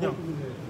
ñoom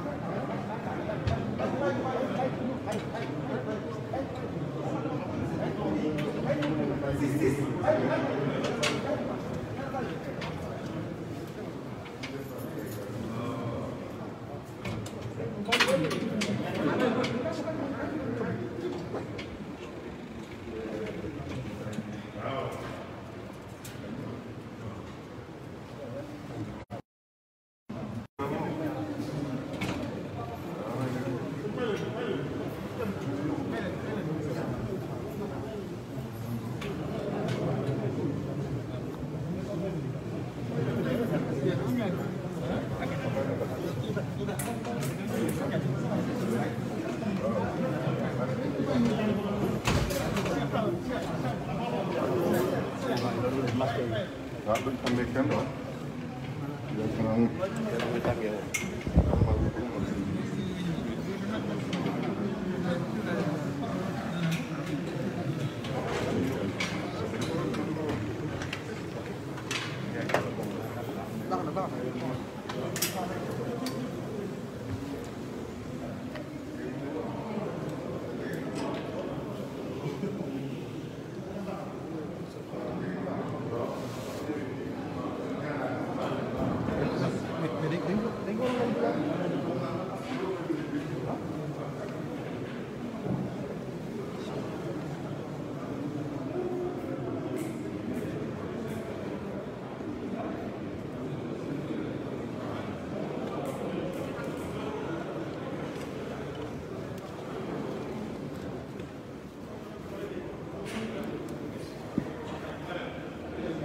this, this. duñ ko nekkee ndox.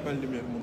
appel lumière moom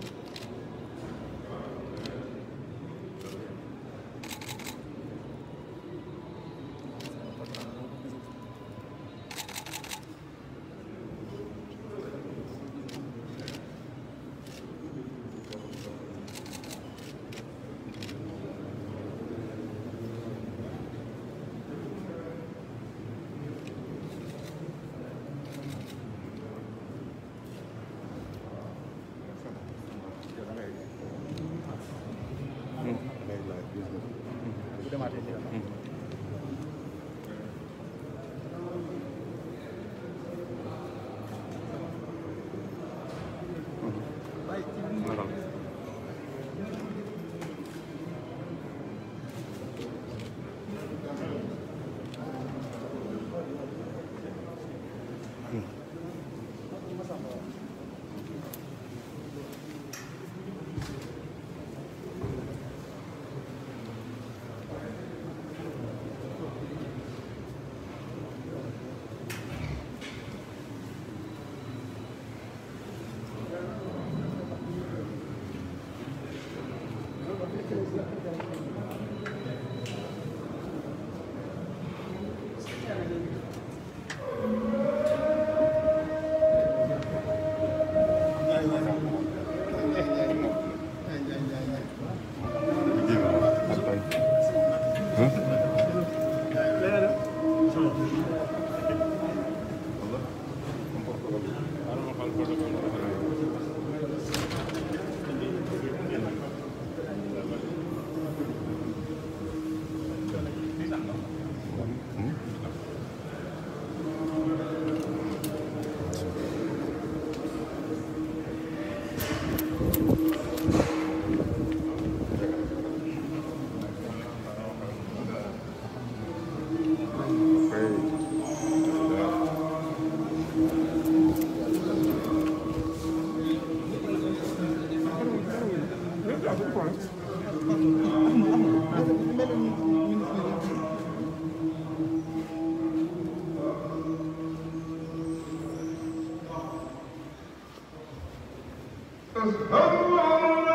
bu demaatee تزهر على